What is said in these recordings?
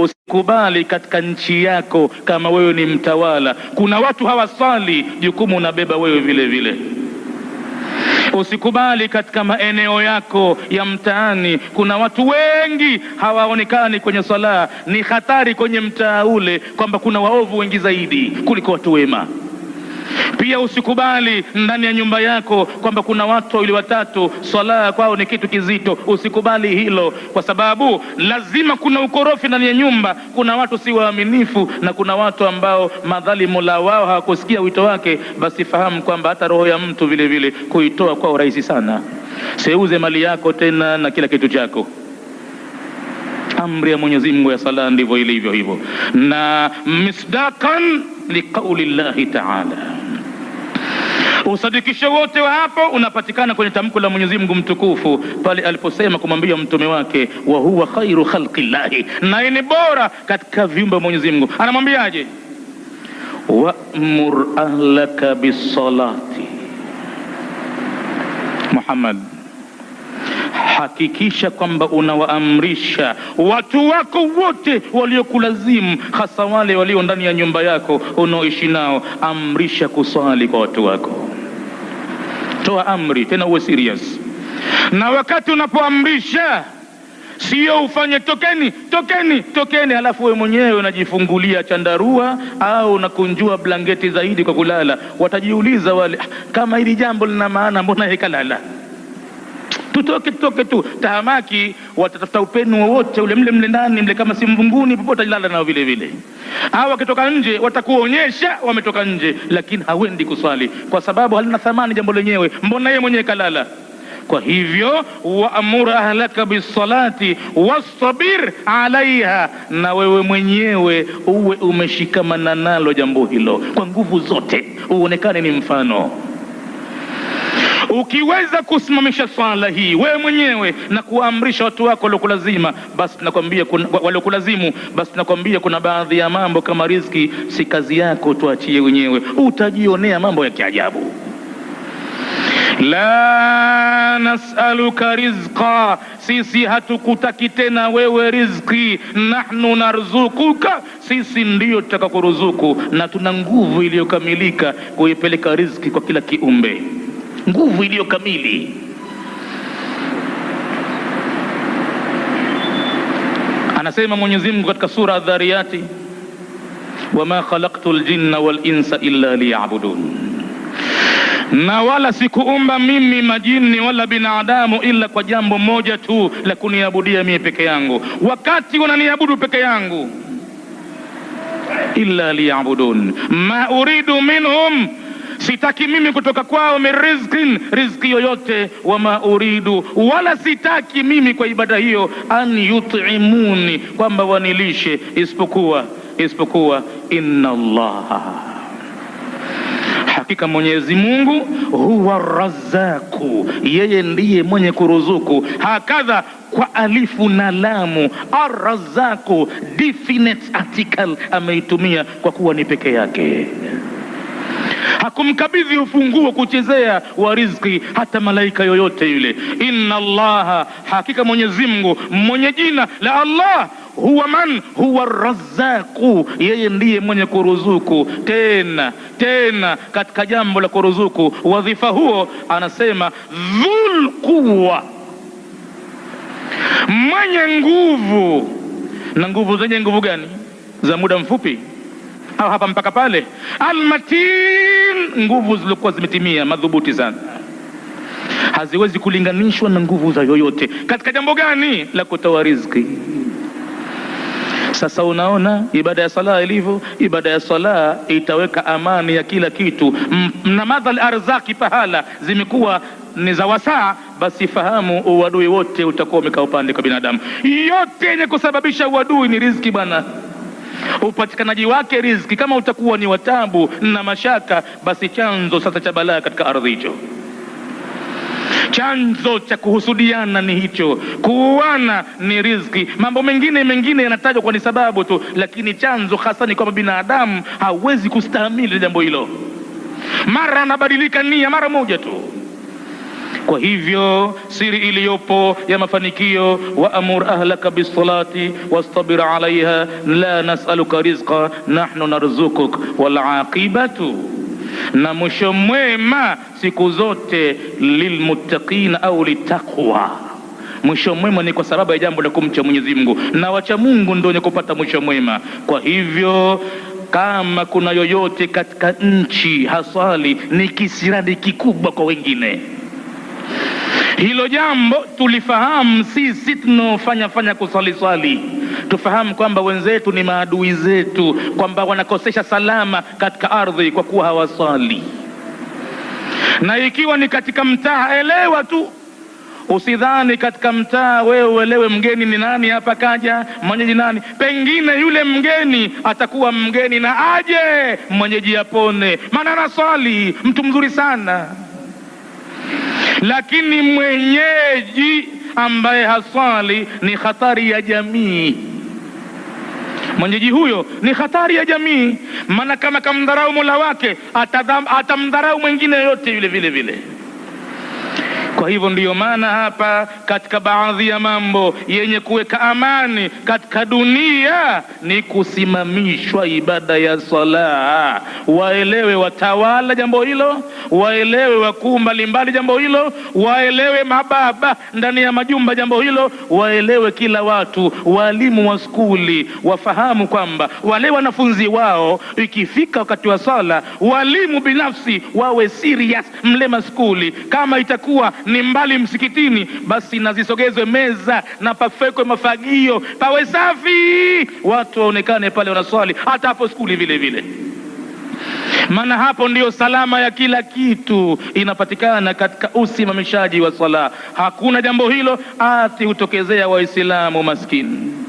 usikubali katika nchi yako kama wewe ni mtawala. Kuna watu hawasali, jukumu unabeba wewe vile vile. Usikubali katika maeneo yako ya mtaani, kuna watu wengi hawaonekani kwenye sala Ni hatari kwenye mtaa ule kwamba kuna waovu wengi zaidi kuliko watu wema. Pia usikubali ndani ya nyumba yako kwamba kuna watu wawili watatu swala kwao ni kitu kizito. Usikubali hilo, kwa sababu lazima kuna ukorofi ndani ya nyumba. Kuna watu si waaminifu na kuna watu ambao madhali mola wao hawakusikia wito wake, basi fahamu kwamba hata roho ya mtu vile vile kuitoa kwao rahisi sana. Seuze mali yako tena na kila kitu chako. Amri ya Mwenyezi Mungu ya sala ndivyo ilivyo hivyo, na misdakan liqauli llahi taala Usadikisho wote wa hapo unapatikana kwenye tamko la Mwenyezi Mungu mtukufu pale aliposema kumwambia mtume wake wa huwa khairu khalqillahi, naye ni bora katika viumbe vya Mwenyezi Mungu. Anamwambiaje? wamur ahlaka bisalati Muhammad hakikisha kwamba unawaamrisha watu wako wote waliokulazimu, hasa wale walio ndani ya nyumba yako unaoishi nao, amrisha kuswali kwa watu wako. Toa amri, tena uwe serious na wakati unapoamrisha Sio ufanye tokeni tokeni tokeni, halafu wewe mwenyewe unajifungulia chandarua au unakunjua blanketi zaidi kwa kulala. Watajiuliza wale, ah, kama hili jambo lina maana, mbona hekalala? tutoke tutoke tu, tahamaki watatafuta upenu wowote ule, mle mle ndani mle, kama si mvunguni popote ajalala nao vile vile. Hawa wakitoka nje watakuonyesha wametoka nje, lakini hawendi kuswali kwa sababu halina thamani jambo lenyewe, mbona yeye mwenyewe kalala. Kwa hivyo waamur ahlaka bisalati wastabir alaiha, na wewe mwenyewe uwe umeshikamana nalo jambo hilo kwa nguvu zote, uonekane ni mfano Ukiweza kusimamisha swala hii wewe mwenyewe na kuamrisha watu wako waliokulazima basi tunakwambia waliokulazimu, basi tunakwambia kuna baadhi ya mambo kama riziki, si kazi yako, tuachie wenyewe, utajionea mambo ya kiajabu. La nasaluka rizqa, sisi hatukutaki tena wewe rizki Nahnu narzukuka, sisi ndiyo tutakakuruzuku, na tuna nguvu iliyokamilika kuipeleka rizki kwa kila kiumbe nguvu iliyo kamili. Anasema Mwenyezi Mungu katika sura Adh-Dhariyati, wama khalaqtu ljinna wal insa illa liya'budun, na wala sikuumba mimi majini wala binadamu ila kwa jambo moja tu la kuniabudia mimi peke yangu. Wakati wananiabudu peke yangu, illa liya'budun ma uridu minhum sitaki mimi kutoka kwao min rizqin, riziki yoyote, ma uridu, wala sitaki mimi kwa ibada hiyo an yutimuni, kwamba wanilishe, isipokuwa isipokuwa inna Allah Hakika Mwenyezi Mungu huwa razaku, yeye ndiye mwenye kuruzuku. Hakadha kwa alifu na lamu, arrazaku definite article ameitumia kwa kuwa ni peke yake hakumkabidhi ufunguo kuchezea wa rizki hata malaika yoyote yule. Inna Allaha, hakika Mwenyezi Mungu mwenye jina la Allah huwa man huwa razzaqu, yeye ndiye mwenye kuruzuku. Tena tena katika jambo la kuruzuku, wadhifa huo anasema dhul quwa, mwenye nguvu. Na nguvu zenye nguvu gani? Za muda mfupi au hapa mpaka pale. Almatin, nguvu zilizokuwa zimetimia madhubuti sana, haziwezi kulinganishwa na nguvu za yoyote. Katika jambo gani? La kutoa riziki. Sasa unaona ibada ya sala ilivyo. Ibada ya sala itaweka amani ya kila kitu. Na madhal arzaki pahala zimekuwa ni za wasaa, basi fahamu uadui wote utakuwa umekaa upande kwa binadamu. Yote yenye kusababisha uadui ni riziki bwana upatikanaji wake riziki kama utakuwa ni watabu na mashaka, basi chanzo sasa cha balaa katika ardhi hicho chanzo cha kuhusudiana ni hicho, kuuana ni riziki. Mambo mengine mengine yanatajwa kwa ni sababu tu, lakini chanzo hasa ni kwamba binadamu hawezi kustahimili jambo hilo. Mara anabadilika nia mara moja tu kwa hivyo siri iliyopo ya mafanikio, waamur ahlaka bisalati wastabir alaiha la nasaluka rizqa nahnu narzukuk wal aqibatu na mwisho mwema siku zote lilmuttaqina au litaqwa. Mwisho mwema ni kwa sababu ya jambo la kumcha Mwenyezi Mungu, na wacha Mungu ndio wenye kupata mwisho mwema. Kwa hivyo kama kuna yoyote katika nchi haswali, ni kisirani kikubwa kwa wengine. Hilo jambo tulifahamu sisi tunaofanya fanya kuswaliswali, tufahamu kwamba wenzetu ni maadui zetu, kwamba wanakosesha salama katika ardhi kwa kuwa hawaswali. Na ikiwa ni katika mtaa, elewa tu Usidhani katika mtaa wewe uelewe mgeni ni nani, hapa kaja mwenyeji nani. Pengine yule mgeni atakuwa mgeni na aje mwenyeji apone, maana anaswali, mtu mzuri sana lakini mwenyeji ambaye haswali ni hatari ya jamii. Mwenyeji huyo ni hatari ya jamii, maana kama kamdharau mola wake atamdharau mwingine yote yule vile vile. Kwa hivyo ndiyo maana hapa katika baadhi ya mambo yenye kuweka amani katika dunia ni kusimamishwa ibada ya sala. Waelewe watawala jambo hilo, waelewe wakuu mbalimbali jambo hilo, waelewe mababa ndani ya majumba jambo hilo, waelewe kila watu, walimu wa skuli wafahamu kwamba wale wanafunzi wao ikifika wakati wa sala, walimu binafsi wawe serious mlema skuli kama itakuwa ni mbali msikitini, basi nazisogezwe meza na pafekwe mafagio, pawe safi, watu waonekane pale wanaswali, hata hapo skuli vile vile maana hapo ndiyo salama ya kila kitu inapatikana katika usimamishaji wa sala. Hakuna jambo hilo ati hutokezea Waislamu maskini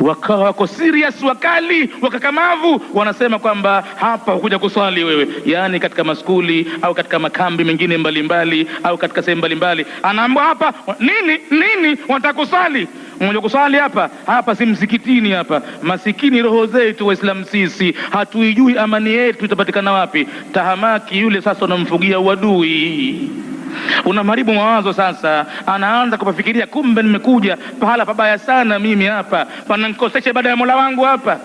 wakawa wako serious, wakali wakakamavu, wanasema kwamba hapa hukuja kuswali wewe. Yaani katika maskuli au katika makambi mengine mbalimbali au katika sehemu mbalimbali, anaambwa hapa nini nini, wanataka kuswali mmoja kusali hapa hapa, si msikitini hapa. Masikini roho zetu Waislamu sisi hatuijui amani yetu itapatikana wapi. Tahamaki yule sasa unamfugia uadui unamharibu mawazo. Sasa anaanza kupafikiria, kumbe nimekuja pahala pabaya sana, mimi hapa panankosesha ibada ya mola wangu hapa.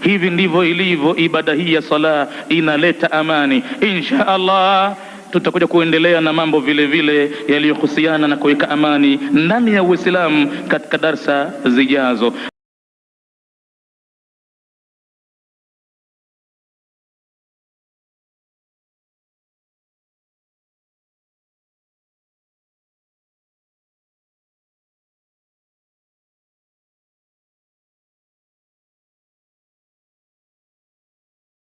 Hivi ndivyo ilivyo ibada hii ya sala, inaleta amani insha Allah. Tutakuja kuendelea na mambo vile vile yaliyohusiana na kuweka amani ndani ya Uislamu katika darsa zijazo.